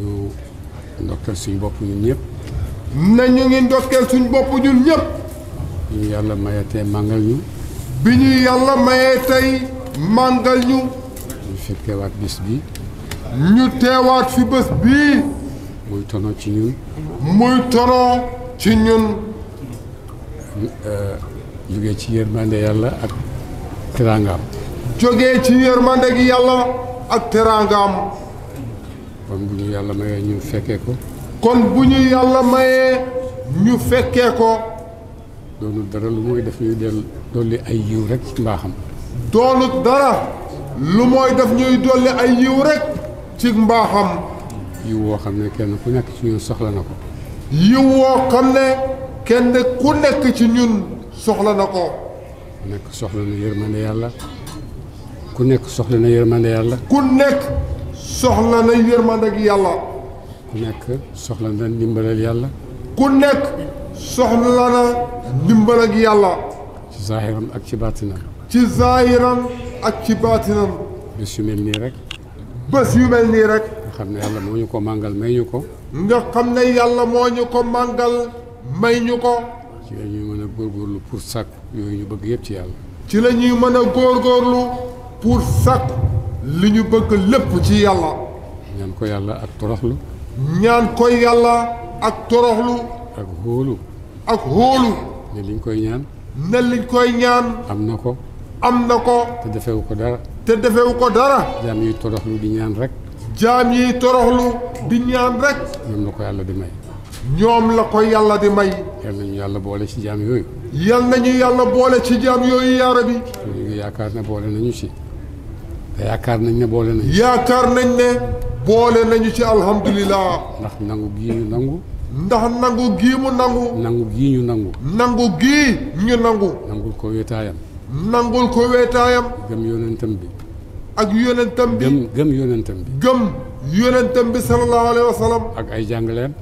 ñu ndokkeel suñu bopp ñun ñëpp. nañu ngi ndokkeel suñu bopp ñun ñëpp. bi ñu yàlla maye tey màngal ñu. bi ñu yàlla maye tey màngal ñu. ñu bis bi. ñu teewaat fi bés bi muy tono ci ñun. muy tono ci ñun. Euh, jógee ci yërmande yàlla ak teraangaam. jógee ci yërmande gi yàlla ak teraangaam. kon bu ñu yàlla mayee ñu fekkee ko. kon bu ñu yàlla mayee ñu fekkee ko. doonu dara lu mooy def ñuy del dolli ay yiw rekk ci mbaaxam. doonu dara lu mooy def ñuy dolli ay yiw rek ci mbaaxam. yiw woo xam ne kenn ku nekk ci ñun soxla na ko. yiw woo xam ne kenn ku nekk ci ñun soxla na ko. ku nekk soxla na yërmande yàlla. ku nekk soxla na yërmande yàlla. ku nekk. soxla na ma ak yàlla. ku nekk soxla na ndimbalal yàlla. ku nekk soxla na ndimbal ak yàlla. ci zaahiram ak ci baatinam. ci zaahiram ak ci baatinam. bés yu mel nii rek. bés yu mel nii rek. nga xam ne yàlla moo ñu ko màngal may ñu ko. nga xam ne yàlla moo ñu ko màngal may ñu ko. ci la ñuy mën a góorgóorlu pour sàkk yooyu ñu bëgg yëpp ci yàlla. ci la ñuy mën a góorgóorlu pour sàkk. li ñu bëgg lépp ci yàlla ñaan ko yàlla ak toroxlu ñaan ko yàlla ak toroxlu ak hóolu ak hóolu ne liñ koy ñaan ne liñ koy ñaan am na ko am na ko te defewu ko dara te defewu ko dara jaam yi toroxlu di ñaan rek jaam yi toroxlu di ñaan rek ñoom la ko yàlla di may ñoom la ko yàlla di may yal nañu yàlla boole ci jaam yooyu yal nañu yàlla boole ci jaam yooyu yaara bi ñu ngi yaakaar ne boole nañu ci yaakaar nañ ne boole nañ yaakaar nañ ne boole nañu ci alhamdulilah ndax nangu gii ñu nangu ndax nangu gii nangu nangu gii ñu nangu nangu gii ñu nangu nangul ko wéetaayam nangul ko wéetaayam gëm yonentam bi ak yonentam bi gëm gëm yonentam bi gëm yonentam bi sallallahu ak ay jàngaleem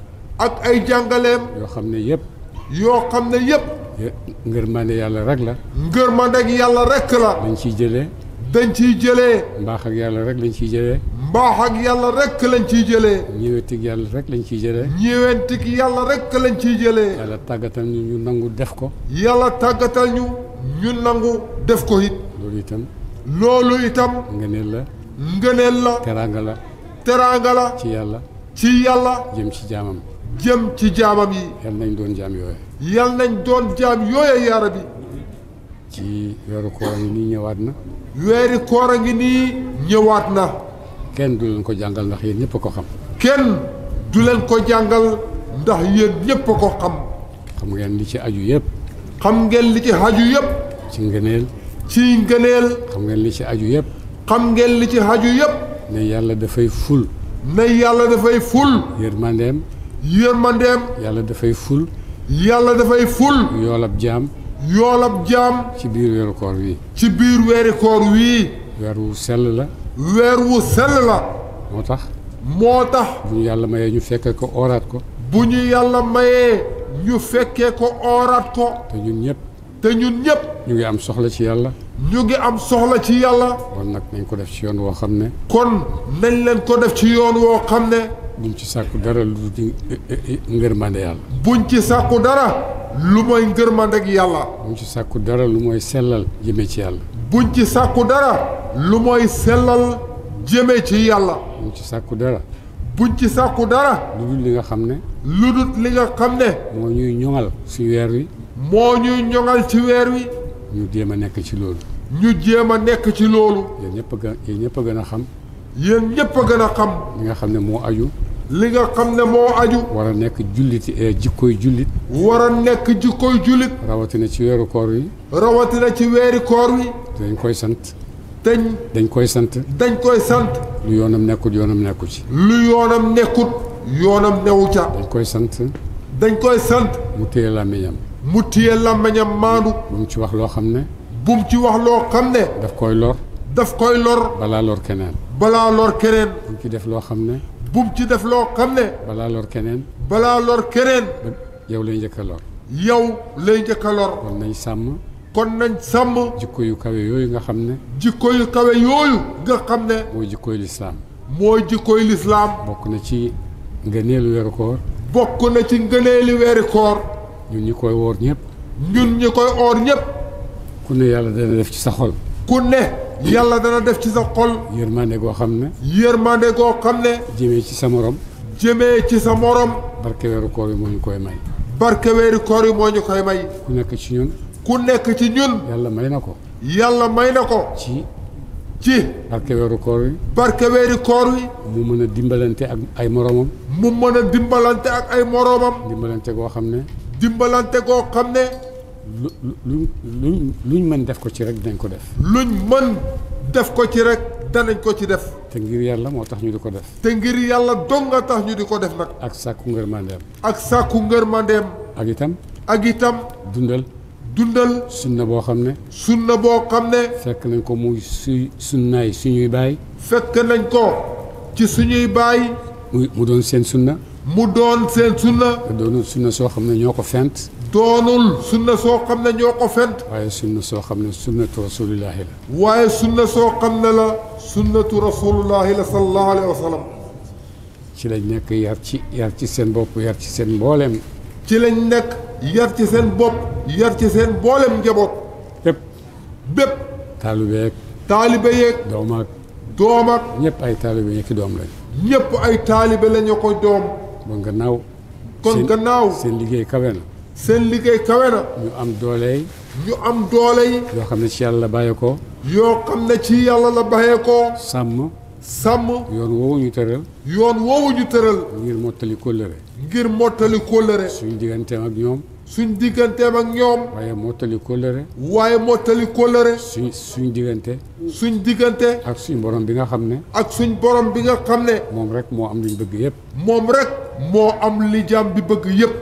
ak ay jàngaleem yoo xam ne yëpp yoo xam ne yëpp ngërmande yàlla rek la ngërmande ak yàlla rek la dañ ciy jëlee dañ ci jëlee. mbaax ak yàlla rek lañ ci jële mbaax ak yàlla rekk lañ ci jëlee. ñëwentig yàlla rek lañ ciy jëlee. ñëwentig yàlla rek lañ ciy jëlee. yàlla tàggatal ñu ñu nangu def ko. yàlla tàggatal ñu ñu nangu def ko it. loolu itam. loolu itam. ngëneel la. ngëneel la. teraanga la. teraanga la. ci yàlla. ci yàlla. jëm ci jaamam. jëm ci jaamam yi. yal nañ doon jaam yooya. yal nañ yaara bi. ci weeru koor yi nii ñëwaat na. weeri koor a ngi nii ñëwaat na kenn du leen ko jàngal ndax yéen ñëpp a ko xam kenn du leen ko jàngal ndax yéen ñëpp a ko xam xam ngeen li ci aju yëpp xam ngeen li ci aju yëpp ci ngëneel ci ngëneel xam ngeen li ci aju yëpp xam ngeen li ci aju yëpp ne yàlla dafay ful ne yàlla dafay ful yërmandeem yërmandeem yàlla dafay ful yàlla dafay ful yoolab jaam yoolab jaam. ci biir weeru koor wii. ci biir weeri koor wii. weer wu sell la. weer wu sell la. moo tax. moo tax. bu ñu yàlla mayee ñu fekkee ko oraat ko. bu ñu yàlla mayee ñu fekkee ko ooraat te ñun ñëpp. te ñun ñëpp. ñu ngi am soxla ci yàlla. ñu ngi am soxla ci yàlla. kon nag nañ ko def ci yoon woo xam ne. kon nañ leen ko def ci yoon woo xam ne. buñ ci sàkku dara lu ci eh, eh, eh, ngërmande yàlla. buñ ci sàkku dara lu mooy ngërmande ak yàlla. buñ ci sàkku dara lu mooy sellal jëmee ci yàlla. buñ ci sàkku dara lu mooy sellal jëmee ci yàlla. buñ ci sàkku dara. buñ ci sàkku dara. lu dul li nga xam ne. lu dul li nga xam ne. moo ñuy ñoŋal ci weer wi. moo ñuy ñoŋal ci weer wi. ñu jéem a nekk ci loolu. ñu jéem a nekk ci loolu. yéen ñëpp a gën ñëpp a gën a xam. yéen ñëpp a gën a xam. li nga xam ne moo aju. li nga xam ne moo aju. war a nekk jullit eh, jikkooy jullit. war a nekk jikkooy jullit. rawatina ci weeru koor wi. rawatina ci weeri koor wi. dañ koy sant. dañ. dañ koy sant. dañ koy sant. lu yoonam nekkut yoonam nekku ci. lu yoonam nekkut yoonam newu ca. koy sant. dañ koy sant. mu téye làmmiñam. mu téye làmmiñam maandu. bu mu ci wax loo xam ne. bu mu ci wax loo xam ne. daf koy lor. daf koy lor. balaa lor keneen. balaa lor keneen. bu mu ci def loo xam ne. bum ci def loo xam ne. balaa lor keneen. balaa lor keneen. yow lay njëkk lor. yow lay njëkk lor. kon nañ sàmm. kon nañ sàmm. jikko yu kawe yooyu nga xam ne. jikko yu kawe yooyu nga xam ne. mooy jikkooy lislaam. mooy jikkooy lislaam. bokk na ci ngëneelu weeru koor. bokk na ci ngëneelu weeru koor. ñun ñi koy woor ñëpp. ñun ñi koy woor ñëpp. ku ne yàlla dana def ci sa xol. ku ne. yàlla dana def ci sa xol. yërmande goo xam ne. yërmande goo xam ne. jëmee ci sa morom. jëmee ci sa moroom barke weeru koor yi moo ñu koy may. barke weeru koor yi moo ñu koy may. ku nekk ci ñun. ku nekk ci ñun. yàlla may na ko. yàlla may na ko. ci. ci. barke weeru koor yi. barke weeru koor yi. mu mën a dimbalante ak ay moromam. mu mën a dimbalante ak ay moromam. dimbalante goo xam ne. dimbalante goo xam ne. lu lu luñ luñ mën def ko ci rek dinañ ko def. lu mën def ko ci rek danañ ko ci def. te ngir yàlla moo tax ñu di ko def. te ngir yàlla dong nga tax ñu di ko def nag. ak sàkku ngërmandeem. ak sàkku ngërmandeem. ak itam. ak itam. dundal. dundal. sunna boo xam ne. sunna boo xam ne. fekk nañ ko muy suy sunnaay suñuy baay. fekk nañ ko ci suñuy baay. mu doon seen sunna. mu doon seen sunna. doon sunna soo xam ne ñoo ko fent. doonul sunna soo xam ne ñoo ko fent. waaye sunna soo xam ne sunnatu rasulillahi la. waaye sunna soo xam ne la sunnatu rasulillahi la sallallahu alayhi wa sallam. ci lañ nekk yar ci yar ci seen bopp yar ci seen mbooleem. ci lañ nekk yar ci seen bopp yar ci seen mbooleem njaboot. bépp bépp. taalibe yeeg. taalibe yeeg. doom ak. doom ak. ñëpp ay taalibe ñekk doom lañ. ñëpp ay taalibe la ñu ko doom. bon gannaaw. kon gannaaw seen liggéey kawe na. seen liggéey kawe na. ñu am doole yi. ñu am doole yi. yoo xam ne ci yàlla la bàyyeekoo. yoo xam ne ci yàlla la bàyyeekoo. sàmm. sàmm. yoon woowu ñu tëral. yoon woowu ñu tëral. ngir mottali kóllëre. ngir mottali kóllëre. suñu digganteem ak ñoom. suñ diggantee ak ñoom. waaye mottali kóllëre. waaye mottali kóllëre. suñ suñ diggante. suñ diggante. ak suñ borom bi nga xam ne. ak suñ borom bi nga xam ne. moom rek moo am liñ bëgg yépp. moom rek moo am li jaam bi bëgg yépp.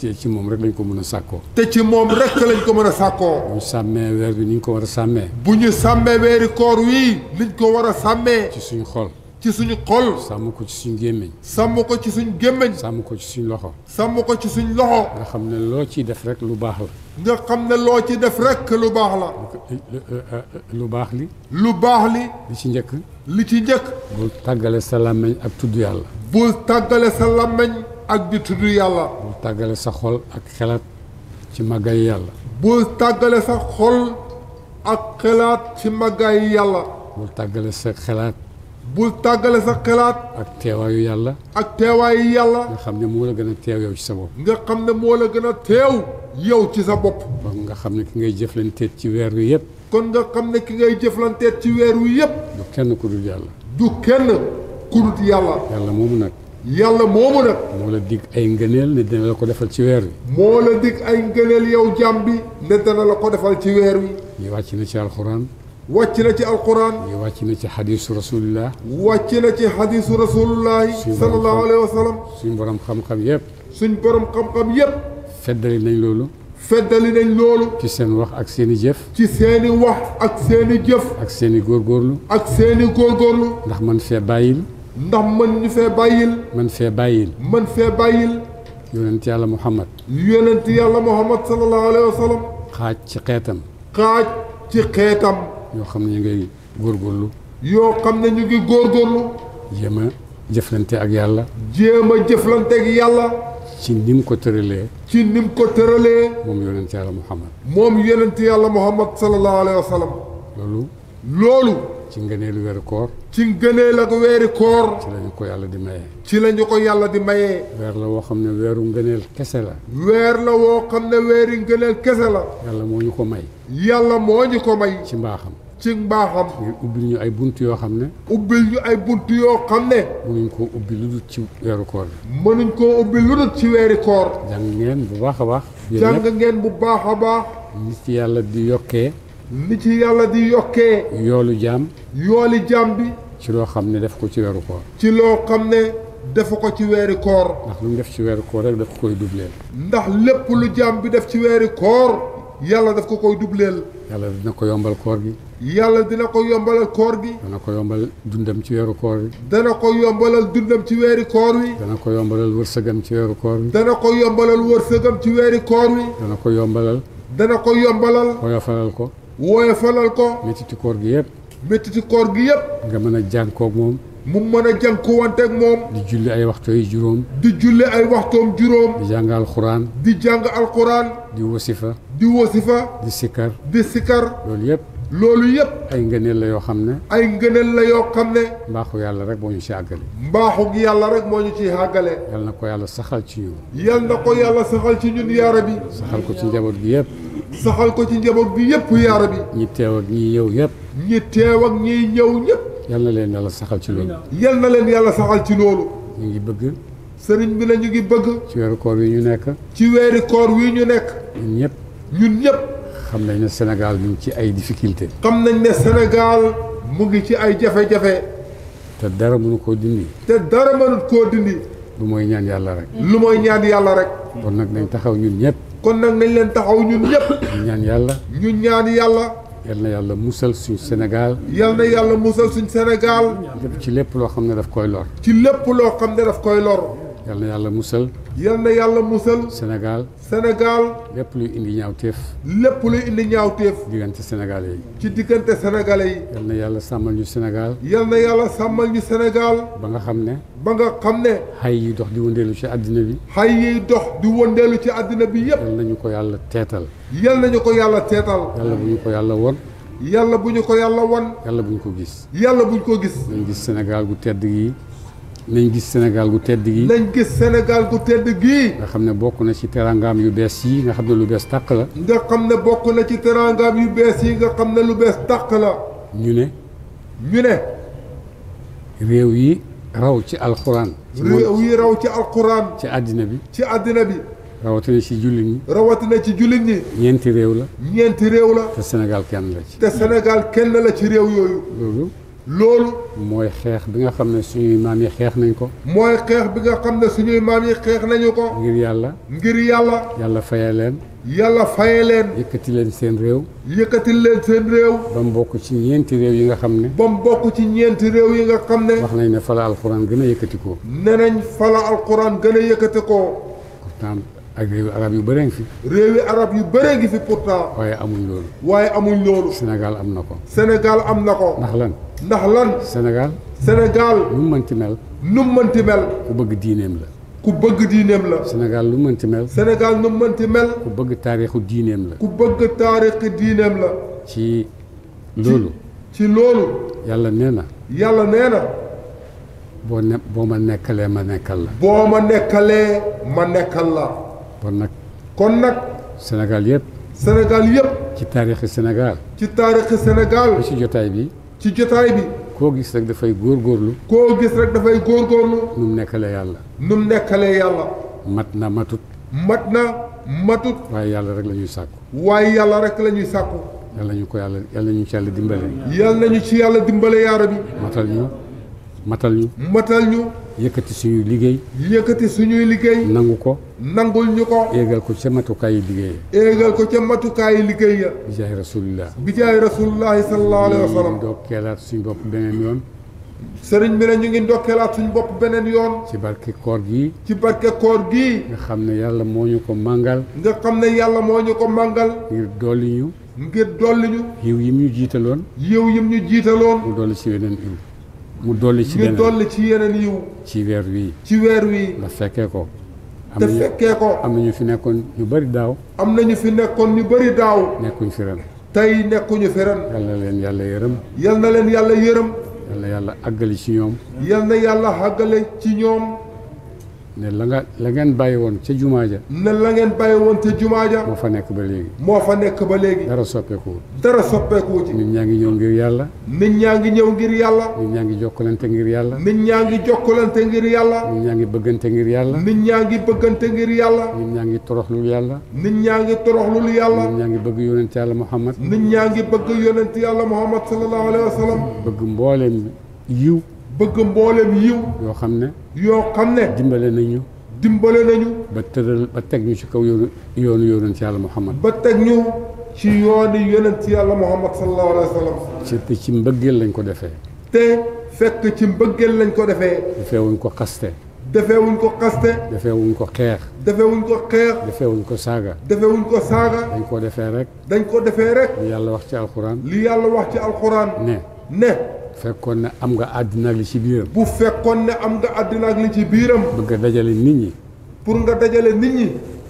te ci moom rek lañ ko mën a sàkkoo. te ci moom rek lañ ko mën a sàkkoo. bu sàmmee weer bi ni ko war a sàmmee. bu ñu sàmmee weeri koor wii. niñ ko war a sàmmee. ci suñ xol. ci suñu xol. sàmm ko ci suñu gémmiñ. sàmm ko ci suñu gémmiñ. sàmm ko ci suñu loxo. sàmm ko ci suñu loxo. nga xam ne loo ciy def rek lu baax la. nga xam ne loo ci def rekk lu baax la. Eh, eh, eh, lu baax li. lu baax li. li ci njëkk. li ci njëkk. bul tàggale sa làmmiñ ak tudd yàlla. bul tàggale sa làmmiñ ak di tudd yàlla. bul tàggale sa xol ak xelaat ci màggaay yàlla. bul tàggale sa xol ak xelaat ci màggaay yàlla. bul tàggale sa xelaat. bul tàggale sa xalaat. ak teewaayu yàlla. ak teewaayu yàlla. nga xam ne moo la gën a teew yow ci sa bopp. nga xam ne moo la gën a teew. yow ci sa bopp. nga xam ne ki ngay jëflanteet ci weer wi yëpp. kon nga xam ne ki ngay jëflanteet ci weer wi yëpp. du kenn ku yàlla. du kenn ku dul yàlla. yàlla moomu nag. yàlla moomu nag. moo la dig ay ngëneel ne dana la ko defal ci weer wi. moo la dikk ay ngëneel yow jàmm bi ne dana la ko defal ci weer wi. yi wàcc na ci alxuraan. wàcc na ci alquran. wàcc na ci xadiisu rasulillah. wàcc na ci xadiisu rasulillah. sallallahu alayhi wa sallam. suñ borom xam-xam yëpp. suñ borom xam-xam yëpp. feddali nañ loolu. feddali nañ loolu. ci seen wax ak seeni jëf. ci seeni wax ak seeni jëf. ak seen góor góorgóorlu. ak seen i góorgóorlu. ndax man fee bàyyil. ndax man ñu fee bàyyil. man fee bàyyil. man fee bàyyil. yonent yàlla muhammad. yonent yàlla muhammad sallallahu alayhi wa sallam. xaaj ci xeetam. xaaj ci xeetam. ñoo xam ne ñu ngay góorgóorlu yoo xam ne ñu ngi góor jéem a jëflante ak yàlla jéem a jëflante ak yàlla ci ni ko tëralee ci ni mu ko tëralee moom yonent yàlla muhammad moom yonent yàlla muhammad sallallahu alayhi wa sallam loolu loolu ci ngëneelu weeru koor ci la ko weeri koor ci lañu ko yàlla di mayee ci lañu ko yàlla di mayee weer la woo xam ne weeru ngëneel kese la weer la woo xam ne weeri ngëneel kese la yàlla moo ñu ko may yàlla moo ñu ko may ci mbaaxam ci mbaaxam. ngeen ubbil ñu ay bunt yoo xam ne. ubbil ñu ay bunt yoo xam ne. mënuñ koo ubbi lu dul ci weeru koor bi. mënuñ koo ubbi lu dul ci weeri koor. jàng ngeen bu baax a baax. jàng ngeen bu baax a baax. ni ci yàlla di yokkee. ni ci yàlla di yokkee. yoolu jaam. yooli jaam bi. ci loo xam ne def ko ci weeru koor. ci loo xam ne. dafa ko ci weeri koor. ndax def ci weeri koor rek daf koy dubleel. ndax lépp lu jaam bi def ci weeri koor. yàlla daf ko koy dubleel. yàlla dina ko yombal koor gi. yàlla dina ko yombalal koor gi. dana ko yombal dundam ci weeru koor wi. dana ko yombalal dundam ci weeri koor wi. dana ko yombalal wërsëgam ci weeru koor wi. dana ko yombalal wërsëgam ci weeri koor wi. dana ko yombalal. dana ko yombalal. woyofalal ko. woyofalal ko. métti ci koor gi yëpp. métti ci koor gi yëpp. nga mën a jànkoo moom. mu mën a jànkuwanteeg moom. di julli ay waxtu yu juróom. di julli ay waxtoom juróom. di jàng alxuraan. di jàng alxuraan. di wasifa. di wasifa. di sikar. di sikar. loolu yëpp. loolu yëpp. ay ngëneel la yoo xam ne. ay ngëneel la yoo xam ne. mbaaxu yàlla rek moo ñu ci àggale. mbaaxu yàlla rek moo ñu ci àggale. yal na ko yàlla saxal ci ñun. ko yàlla saxal ci ñun yaara bi. saxal ko ci njaboot gi yëpp. saxal ko ci njaboot bi yëpp yaara bi. ñi teew ak ñi ñëw yëpp. ñi teew ak ñi ñëw ñëpp. yal na leen yàlla saxal ci loolu. yal na leen yàlla saxal ci loolu. ñu ngi bëgg. sëriñ bi na ñu ngi bëgg. ci weeru koor wi ñu nekk. ci weeri koor wi ñu nekk. ñun ñëpp. ñun ñëpp. xam nañ ne Sénégal mu ngi ci ay difficulté xam nañ ne Sénégal mu ci ay jafe-jafe. te dara mënu koo dindi. te dara mënu koo dindi. lu mooy ñaan yàlla rek. lu mooy ñaan yàlla rek. kon nag nañ taxaw ñun ñëpp. kon nag nañ leen taxaw ñun ñëpp. ñu ñaan yàlla. ñu ñaan yàlla. yal na yàlla musal suñ Sénégal. yal na yàlla musal suñ Sénégal. def ci lépp loo xam ne daf koy lor. ci lépp loo xam ne daf koy lor. yal na yàlla musal. yal na yàlla musal. Sénégal. Sénégal. lépp luy indi ñaawteef. lépp luy indi ñaawteef. diggante sénégalais yi. ci diggante sénégalais yi. yal na yàlla sàmmal ñu Sénégal. yal na yàlla sàmmal ñu Sénégal. ba nga xam ne. ba nga xam ne. xay yi dox di wëndeelu ci àddina bi. xay yi dox di wëndeelu ci àddina bi yëpp. yal nañu ko yàlla teetal. yal nañu ko yàlla teetal. yàlla bu ñu ko yàlla won. yàlla bu ñu ko yàlla won. yàlla bu ñu ko gis. yàlla bu ñu ko gis. nañ gis Sénégal gu tedd gi nañ gis Sénégal gu tedd gi. nañ gis Sénégal gu tedd gi. nga xam ne bokk na ci terangaam yu bees yi nga xam ne lu bees tàq la. nga xam ne bokk na ci terangaam yu bees yi nga xam ne lu bees tàq la. ñu ne. ñu ne. réew yi raw ci alxuraan. réew yi raw ci alxuraan. ci àddina bi. ci àddina bi. rawatina ci jullit ñi. rawatina ci jullit ñi. ñeenti réew la. ñeenti réew la. te Sénégal kenn la ci. te kenn la ci réew yooyu. loolu mooy xeex bi nga xam ne suñuy maam yi xeex nañ ko mooy xeex bi nga xam ne suñuy maam yi xeex nañu ko ngir yàlla ngir yàlla yàlla faye leen yàlla faye leen yëkkati leen seen réew yëkkati leen seen réew ba mu bokk ci ñeenti réew yi nga xam ne ba bokk ci ñeenti réew yi nga wax nañ ne fala alxuraan gën a yëkkati ko fala alxuraan gën a yëkkati ko pourtant ak réewi arab yu bëree ngi fi réewi arab yu bëree ngi fi pourtant waaye amuñ loolu waaye amuñ loolu Sénégal am na ko Sénégal am na ndax lan. Sénégal. Sénégal. nu mu mel. nu mu mel. ku bëgg diineem la. ku bëgg diineem la. Sénégal lu mu mënti mel. Sénégal nu mu mënti mel. ku bëgg taarixu diineem la. ku bëgg taarixu diineem la. ci loolu. ci loolu. yàlla nee na. yàlla nee na. boo ne boo ma nekkalee ma nekkal la. boo ma nekkalee ma nekkal la. kon nag. kon nag. Sénégal yëpp. Sénégal yëpp. ci taarixi Sénégal. ci taarixi senegaal ba ci jotaay bi. ci jotaay bi. koo gis rek dafay góorgóorlu. koo gis rek dafay góorgóorlu. nu mu nekkalee yàlla. nu mu nekkalee yàlla. mat na matut. mat na matut. waaye yàlla rek la ñuy sàkku. waaye yàlla rek lañuy ñuy sàkku. yàlla ñu ko yàlla yàlla ñu ci yàlla dimbale. nañu ci yàlla dimbale yaara bi. matal matal ñu. matal ñu. yëkkati suñuy liggéey. yëkkati suñuy liggéey. nangu ko. nangul ñu ko. éegal ko ca matukaayu liggéey. éegal ko ca matukaayu liggéey ya. bi jaay rasulillah. bi jaay rasulillah sallallahu alayhi wa sallam. ndokkeelaat suñu bopp beneen yoon. sëriñ bi na ñu ngi ndokkeelaat suñu bopp beneen yoon. ci barke koor gii. ci barke koor gii. nga xam ne yàlla moo ñu ko màngal. nga xam ne yàlla moo ñu ko màngal. ngir dolli ñu. ngir dolli ñu. yiw yim ñu jiitaloon. yiw yim ñu jiitaloon. mu dolli ci weneen mu dolli ci beneen ñu ci yeneen yiw. ci weer wii. ci weer wii. la fekkee ko. te fekkee ko am na ñu fi nekkoon ñu bëri daaw. am na ñu fi nekkoon ñu bëri daaw. nekkuñ fi ren. tey nekkuñu fi ren. yal na leen yàlla yërëm. yal na leen yàlla yërëm. yal na yàlla àggale ci ñoom. yal na yàlla àggale ci ñoom. ne la nga la ngeen bàyyi woon ca jumaa ja ne la ngeen bàyyi woon ca jumaa ja moo fa nekk ba léegi moo fa nekk ba léegi dara soppeekuwul dara soppeekuwu ci nit ñaa ngi ñëw ngir yàlla nit ñaa ngi ñëw ngir yàlla nit ñaa ngi jokkalante ngir yàlla nit ñaa ngi jokkalante ngir yàlla nit ñaa ngi bëggante ngir yàlla nit ñaa ngi bëggante ngir yàlla nit ñaa ngi toroxlul yàlla nit ñaa ngi toroxlul yàlla nit ñaa ngi bëgg yonent yàlla Muhammad nit ñaa ngi bëgg yonent yàlla Muhammad sallallahu alayhi wa sallam bëgg mbooleem yiw bëgg mboolem yiw. yoo xam ne. yoo xam ne. dimbale nañu. dimbale nañu. ba tëral ba teg ñu ci kaw yoonu yoonu yonent yàlla Muhammad. ba teg ñu ci yoonu yonent yàlla Muhammad sallallahu alayhi wa sallam. ci te ci mbëggeel lañ ko defee. te fekk ci mbëggeel lañ ko defee. defee wuñ ko xaste. defee wuñ ko xaste. defee wuñ ko xeex. defee wuñ ko xeex. defee wuñ ko saaga. defee wuñ ko saaga. dañ ko defee rek. dañ ko defee rek. li yàlla wax ci alxuraan. li yàlla wax ci alxuraan. ne ne. fekkoon ne am nga àddina ak li ci biiram. bu fekkoon ne am nga àddina ak li ci biiram. bëgg nga dajalee nit ñi. pour nga dajalee nit ñi.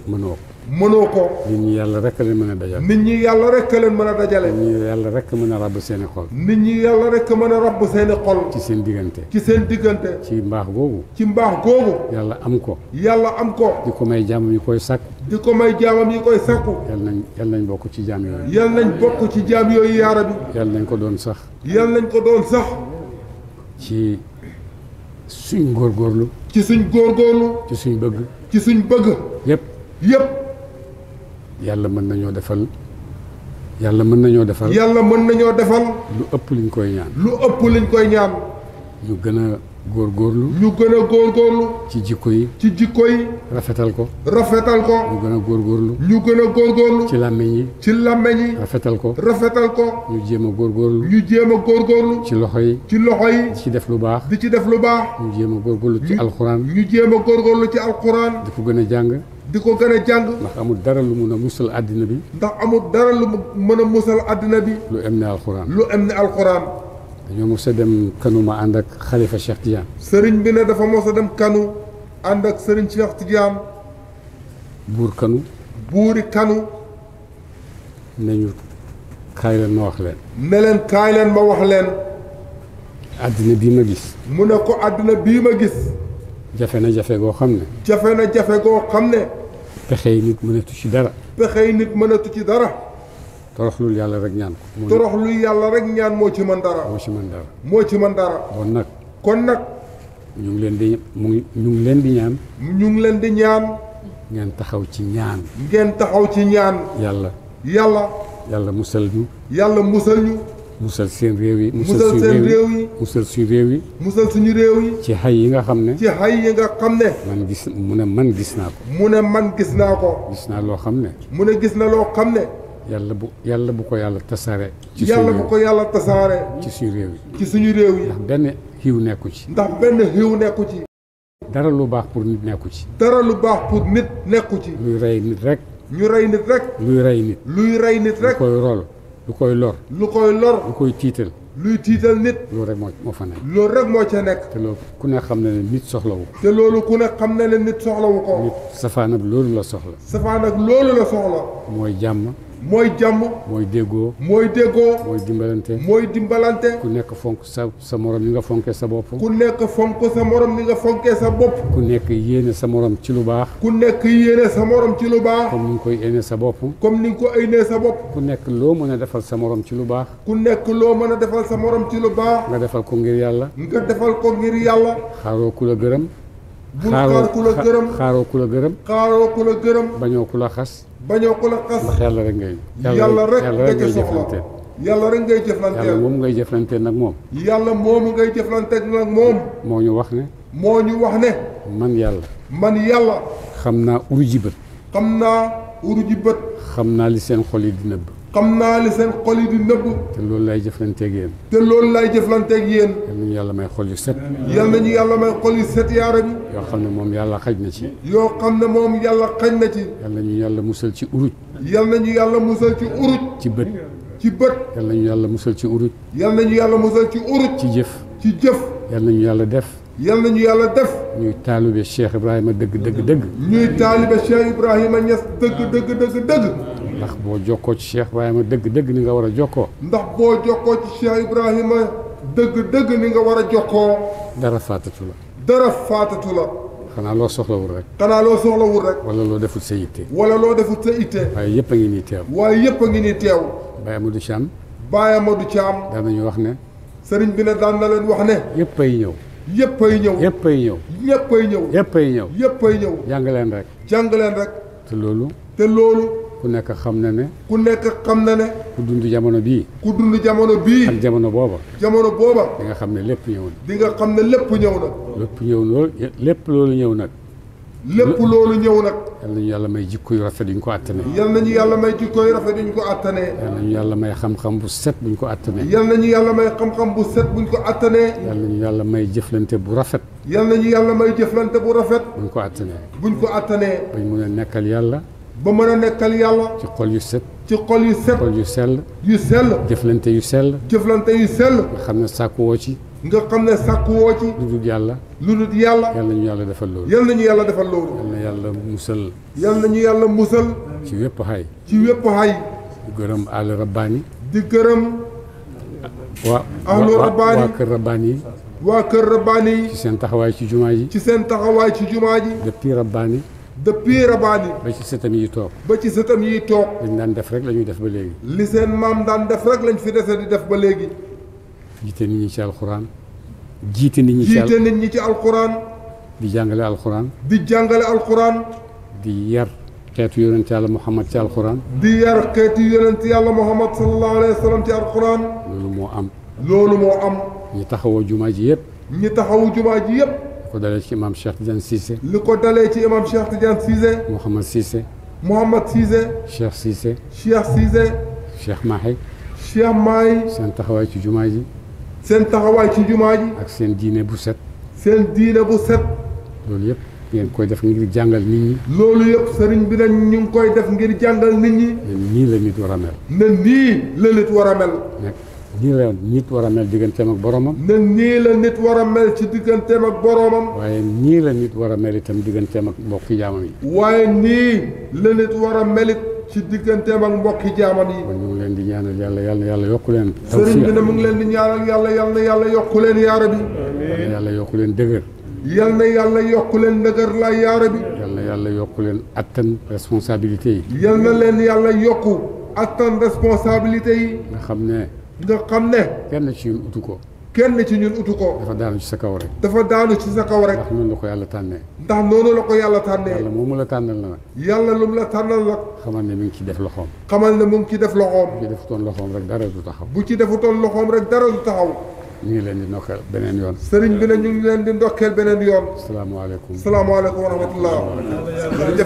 mënoo ko. mënoo ko. nit ñi yàlla rek leen mën a dajale. nit ñi yàlla rek leen mën a dajale. nit ñi yàlla rek mën a rabb seen i xol. nit ñi yàlla rek mën a ràbb seen i xol. ci seen diggante. ci seen diggante. ci mbaax googu. ci mbaax googu. yàlla am ko. yàlla am ko. di ko may jaamam yi koy sàkku. di ko may jaamam yi koy sàkku. yal nañ yal nañ bokk ci jaam yooyu. yal nañ bokk ci jaam yooyu yaara bi. nañ ko doon sax. yal nañ ko doon sax. ci suñ góor góorlu ci suñ góorgóorlu. ci suñ bëgg. ci suñ bëgg. yëpp yëpp. yàlla mën nañoo defal yàlla mën nañoo defal. yàlla mën nañoo defal. lu ëpp luñ koy ñaan. lu ëpp liñ koy ñaan. ñu gën a góor góorlu ñu gën a góorgóorlu. ci jikko yi. ci jikko yi. rafetal ko. rafetal ko. ñu gën a góorgóorlu. ñu gën a góorgóorlu. ci làmmiñ yi. ci làmmiñ yi. rafetal ko. rafetal ko. ñu jéem a góor ñu jéem a góorgóorlu. ci loxo yi. ci loxo yi. di ci def lu baax. di ci def lu baax. ñu jéem a góorgóorlu ci alxuraan. ñu jéem a góorgóorlu ci alxuraan. di ko gën a jàng. di ko gën a jàng. ndax amul dara lu mun a musal àddina bi. ndax amul dara lu mën a musal àddina bi. lu em ne alxuraan. lu em ni alxuraan. dañoo mos dem kanu ma ànd ak xalifa Cheikh sëriñ bi ne dafa mos dem kanu ànd ak sëriñ Cheikh Tidiane. buur kanu. buuri kanu. ne ñu kaay leen ma wax leen. ne leen kaay leen ma wax leen. àddina bii ma gis. mu ne ko àddina bii ma gis. jafe na jafe goo xam ne. jafe na jafe goo xam ne. pexey nit mënatu ci dara. pexey nit mënatu ci dara. toroxlul yàlla rek ñaan ko. toroxlul yàlla rek ñaan moo ci mën dara. moo ci mën dara. moo ci mën dara. kon nag. kon nag. ñu ngi leen di mu ñu ngi leen di ñaan. ñu ngi leen di ñaan. ngeen taxaw ci ñaan. ngeen taxaw ci ñaan. yàlla. yàlla. yàlla musal ñu. yàlla musal ñu. musal seen réew yi musal seen réew suñu réew yi musal suñu réew yi ci xay yi nga xam ne ci xay yi nga xam ne man gis mu ne man gis naa ko mu ne man gis naa ko gis naa loo xam ne mu ne gis na loo xam ne yàlla bu yàlla bu ko yàlla tasaare ci yàlla bu ko yàlla tasaare ci suñu réew yi ci suñu réew yi ndax benn xiw nekku ci ndax benn xiw nekku ci dara lu baax pour nit nekku ci dara lu baax pour nit nekku ci luy rey nit rek ñu rey nit rek luy rey nit luy rey nit rek koy rol lu koy lor. lu koy lor. lu koy tiital. luy tiital nit. loolu rek moo moo fa nekk. loolu rek moo ca nekk. te loolu ku ne xam ne ne nit soxlawu. te loolu ku ne xam na ne nit soxlawu ko. nit safaan ak loolu la soxla. safaan ak loolu la soxla. mooy jàmm. mooy jàmm. mooy déggoo. mooy déggoo. mooy dimbalante. mooy dimbalante. ku nekk fonk sa sa morom ni nga fonkee sa bopp. ku nekk fonk sa morom ni nga fonkee sa bopp. ku nekk yéene sa morom ci lu baax. ku nekk yéene sa morom ci lu baax. comme koy yéene sa bopp. comme ni nga ko yéene sa bopp. ku nekk loo mën a defal sa morom ci lu baax. ku nekk loo mën a defal sa moroom ci lu baax. nga defal ko ngir yàlla. nga defal ko ngir yàlla. xaaroo ku la gërëm. bul xaar ku gërëm xaaroo ku la gërëm. xaaroo ku la gërëm. bañoo ku la xas. bañoo ko la xas ndax yàlla rek ngay yàlla rek rek ngay soxla yàlla rek ngay jëflanteel yàlla moomu ngay jëflanteel nag moom yàlla moomu ngay jëflanteel nag moom moo ñu wax ne moo ñu wax ne man yàlla man yàlla xam naa uru ji bët xam naa uru ji bët xam naa li seen xol yi di nëbb xam naa li seen xol yi di nëbbu. te loolu laay jëflanteeg yéen. te loolu laay jëflanteeg yéen. yal nañu yàlla may xol yu set. yal nañu yàlla may xol yu set yaa rabbi. yoo xam ne moom yàlla xaj na ci. yoo xam ne moom yàlla xaj na ci. yal nañu yàlla musal ci uruj. yal ñu yàlla musal ci uruj. ci bët. ci bët. yal nañu yàlla musal ci uruj. yal na ñu yàlla musal ci uruj. ci jëf. ci jëf. yal nañu yàlla def. yal nañu yàlla def. ñuy taalibe Cheikh Ibrahima dëgg dëgg dëgg. ñuy taalibe Cheikh Ibrahima dëgg dëgg dëgg ndax boo jokkoo ci Cheikh Ibrahima dëgg dëgg ni nga war a jokkoo. ndax boo jokkoo ci Cheikh Ibrahima dëgg dëgg ni nga war a jokkoo. dara faatatu la. dara faatatu la. xanaa loo soxlawul rek. xanaa loo soxlawul rek. wala loo defut sa yitte. wala loo defut sa yitte. waaye yëpp a ngi nii teew. waaye yëpp a ngi nii teew. Baye a Thiam. Baye Amadou Thiam. daan nañu wax ne. sëriñ bi ne daan na leen wax ne. yëpp ay ñëw. yëpp ay ñëw. yëpp ay ñëw. yëpp ay ñëw. yëpp ay ñëw. yëpp ay ñëw. jàng ku nekk xam na ne. ku nekk xam na ne. ku dund jamono bii. ku dund jamono bii. ak jamono booba. jamono booba. di nga xam ne lépp ñëw na. di nga xam ne lépp ñëw na. lépp ñëw lool lépp loolu ñëw nag. lépp loolu ñëw nag. yal nañu yàlla may jikko yu rafet duñ ko àttane. yal nañu yàlla may jikko yu rafet duñ ko àttane. yal nañu yàlla may xam-xam bu set buñ ko àttane. yal nañu yàlla may xam-xam bu set buñ ko àttane. yal nañu yàlla may jëflante bu rafet. yal nañu yàlla may jëflante bu rafet. buñ ko àttane. buñ ko àttane. bañ mun a nekkal yàlla ba mën a nekkal yàlla. ci xol yu set. ci xol yu set. xol yu sell. yu sell. jëflante yu sel jëflante yu nga xam ne sàkkuwoo ci. nga xam ne sàkkuwoo ci. lu dul yàlla. lu dul yàlla. yal na ñu yàlla defal na ñu yàlla defal loolu. yal na yàlla musal. yal na ñu yàlla musal. ci wépp xay. ci wépp xay. di gërëm àll rabbaani. di gërëm. waa ahlu rabbaani waa kër rabbaani yi. waa kër rabbaani yi. ci seen taxawaay ci jumaa ji. ci seen taxawaay ci jumaa ji. depuis rabbaani. depuis rabaani ba ci sëtam yi toog ba ci sëtam yi toog liñ daan def rek la ñuy def ba léegi li seen maam daan def rek lañ fi dese di def ba léegi jiite nit ñi ci alxuraan jiite nit ñi ci jiite nit ñi ci alxuraan di jàngale alxuraan di jàngale alxuraan di yar xeetu yonent yàlla muhammad ci alxuraan di yar xeetu yonent yàlla muhammad sallallahu alayhi wa sallam ci alxuraan loolu moo am loolu moo am ñi taxawoo jumaa ji yëpp ñi taxawu jumaa ji yëpp ko dalee ci imam Cheikh Tidiane Cissé. li ko dalee ci imam Cheikh Tidiane Cissé. Mouhamad Cissé. Mouhamad Cissé. Cheikh Cissé. Cheikh Cissé. Cheikh Mahi. Cheikh Mahi. seen taxawaay ci jumaa ji. seen taxawaay ci jumaa ak seen diine bu set. seen diine bu set. loolu yëpp ngeen koy def ngir jàngal nit ñi. loolu yëpp sëriñ bi nag ñu ngi koy def ngir jàngal nit ñi. ne nii la nit war a mel. ne nii la nit war a mel. nii la nit war a mel digganteem ak boromam. ne nii la nit war a mel ci digganteem ak boromam. waaye nii la nit war a mel itam digganteem ak mbokki jaamam yi. waaye nii la nit war a mel it ci digganteem ak mbokki jaamam yi. kon ñu ngi leen di ñaanal yàlla yàlla yàlla yokku leen. sëriñ bi ne mu ngi leen di ñaanal yàlla yàlla yàlla yokku leen yaara bi. amiin yàlla yokku leen dëgër. yal na yàlla yokk leen ndëgër la yaara bi. yal na yàlla yokk leen attan responsabilité yi. yal na leen yàlla yokku attan responsabilité yi. nga xam ne. nga xam ne. kenn ci ñun utu ko. kenn ci ñun utu ko. dafa daanu ci sa kaw rek. dafa daanu ci sa kaw rek. ndax noonu la ko yàlla tànnee. ndax noonu la ko yàlla tànnee. yàlla moomu la tànnal la nag. yàlla lu mu la tànnal la. xamal ne mu ngi ci def loxoom. xamal ne mu ngi ci def loxoom. bu ci defutoon loxoom rek dara du taxaw. bu ci defutoon loxoom rek dara du taxaw. ñu ngi leen di ndokkeel beneen yoon. sëriñ bi ne ñu ngi leen di ndokkeel beneen yoon. salaamaaleykum. salaamaaleykum wa de